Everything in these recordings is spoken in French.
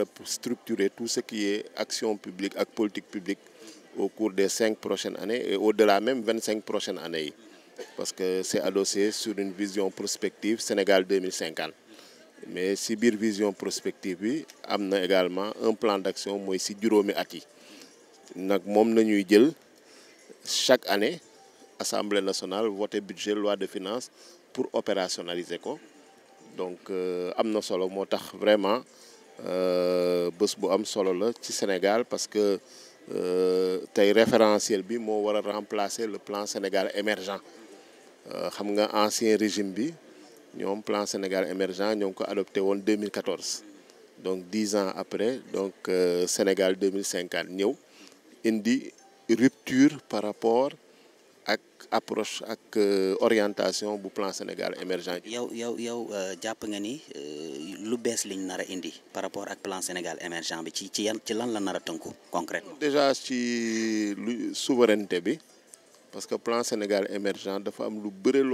pour structurer tout ce qui est action publique et politique publique au cours des cinq prochaines années et au-delà même 25 prochaines années parce que c'est adossé sur une vision prospective Sénégal 2050 mais si bien vision prospective il y a également un plan d'action qui si du Donc, nous chaque année l'Assemblée nationale vote le budget loi de finances pour opérationnaliser donc euh, am solo vraiment euh, bés bu am solo la ci Sénégal parce que euh, tey référentiel bi moo remplacer le plan Sénégal émergent euh, xam nga ancien régime bi plan Sénégal émergent ñoo adopté en 2014 donc dix ans après donc Sénégal 2050 ñëw indi rupture par rapport ak approche ak euh, orientation du plan Sénégal émergent. yow yow yow jàpp nga ni lu bees liñ indi par rapport au plan Sénégal émergent bi ce euh, euh, ci vous avez lan la concrètement. déjà ci la souveraineté parce que le plan Sénégal émergent il am lu bëre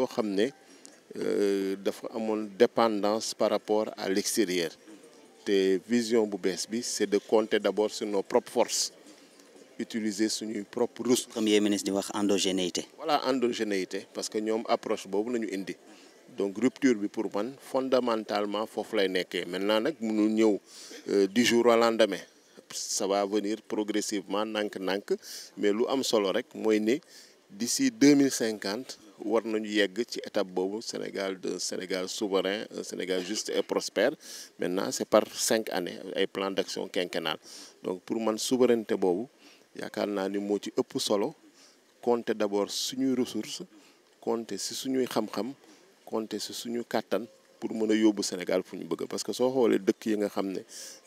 dépendance par rapport à l'extérieur La vision de bees c'est de compter d'abord sur nos propres forces utiliser suñuy propre ressource. premier ministre di wax endogénéité. voilà endogénéité parce que nous une approche bobu la indi donc rupture pour moi, fondamentalement faut lay faire. maintenant nous nous ñëw euh, du jour au lendemain ça va venir progressivement mais lu am solo rek moy d'ici 2050, nous avons war nañu yegg étape Sénégal de Sénégal souverain Sénégal juste et prospère maintenant c'est par cinq années un plan d'action quinquennal donc pour man souveraineté bobu yaakaar naa ni moo ci ëpp solo compter d'abord suñuy ressources compter si suñuy xam-xam compter si suñu kàttan pour mën a yóbbu Sénégal fu ñu bëgg parce que soo xoolee dëkk yi nga xam ne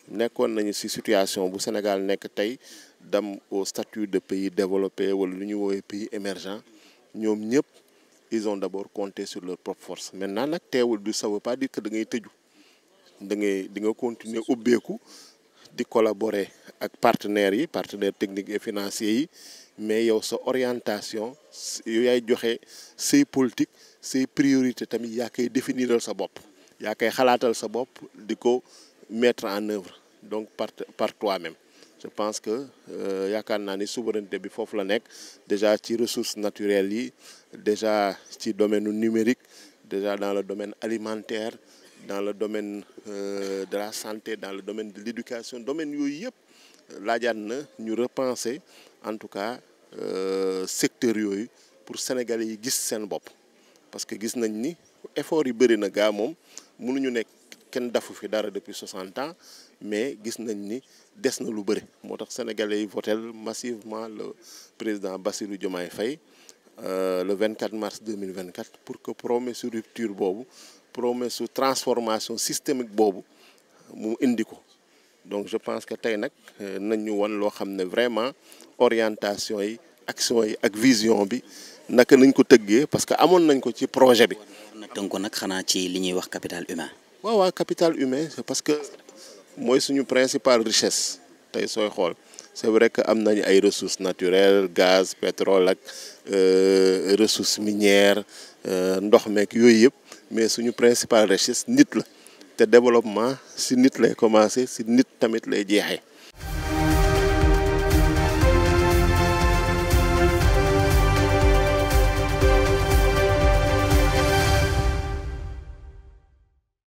nekkoon nañu si situation bu Sénégal nekk tey dem au statut de pays développé wala lu ñuy woowee pays émergent ñoom ñëpp ils ont d'abord compter sur leur propre force maintenant nag teewul du ça veut pas dire que da ngay tëju da ngay di nga continuer ubbeeku di collaborer ak partenaires yi partenaires techniques et financiers yi mais yow sa orientation yow yaay joxe politiques, politique priorités priorité tamit yaa koy définiral sa bop yaa koy xalaatal sa bop diko mettre en œuvre donc par par toi-même je pense que euh, y a ni souveraineté bi foofu la nek déjà ci ressources naturelles yi déjà ci domaine numérique déjà dans le domaine alimentaire dans le domaine euh, de la santé dans le domaine de l'éducation domaine yoy yëpp nous na ñu repenser en tout cas euh, secteur pour sénégalais yi gis sen parce que gis nañ ni effort yi bëri na depuis 60 ans mais gis nañ ni des na lu bëri motax sénégalais massivement le président Bassirou Diomaye Faye euh, le 24 mars 2024 pour que promesse rupture bobu promesse transformation systémique bobu mu donc je pense que nous devons vraiment won vraiment orientation yi action yi vision bi naka nañ ko parce que nous nañ ko ci projet bi. projets. nous xana ci liñuy capital humain. Oui, wa capital humain c'est parce que c'est suñu principale richesse tay c'est vrai que am a des ressources naturelles gaz pétrole euh, ressources minières euh, ndox mais suñu principale richesse nit la. te développement si nit lay commencé si nit tamit lay jeexee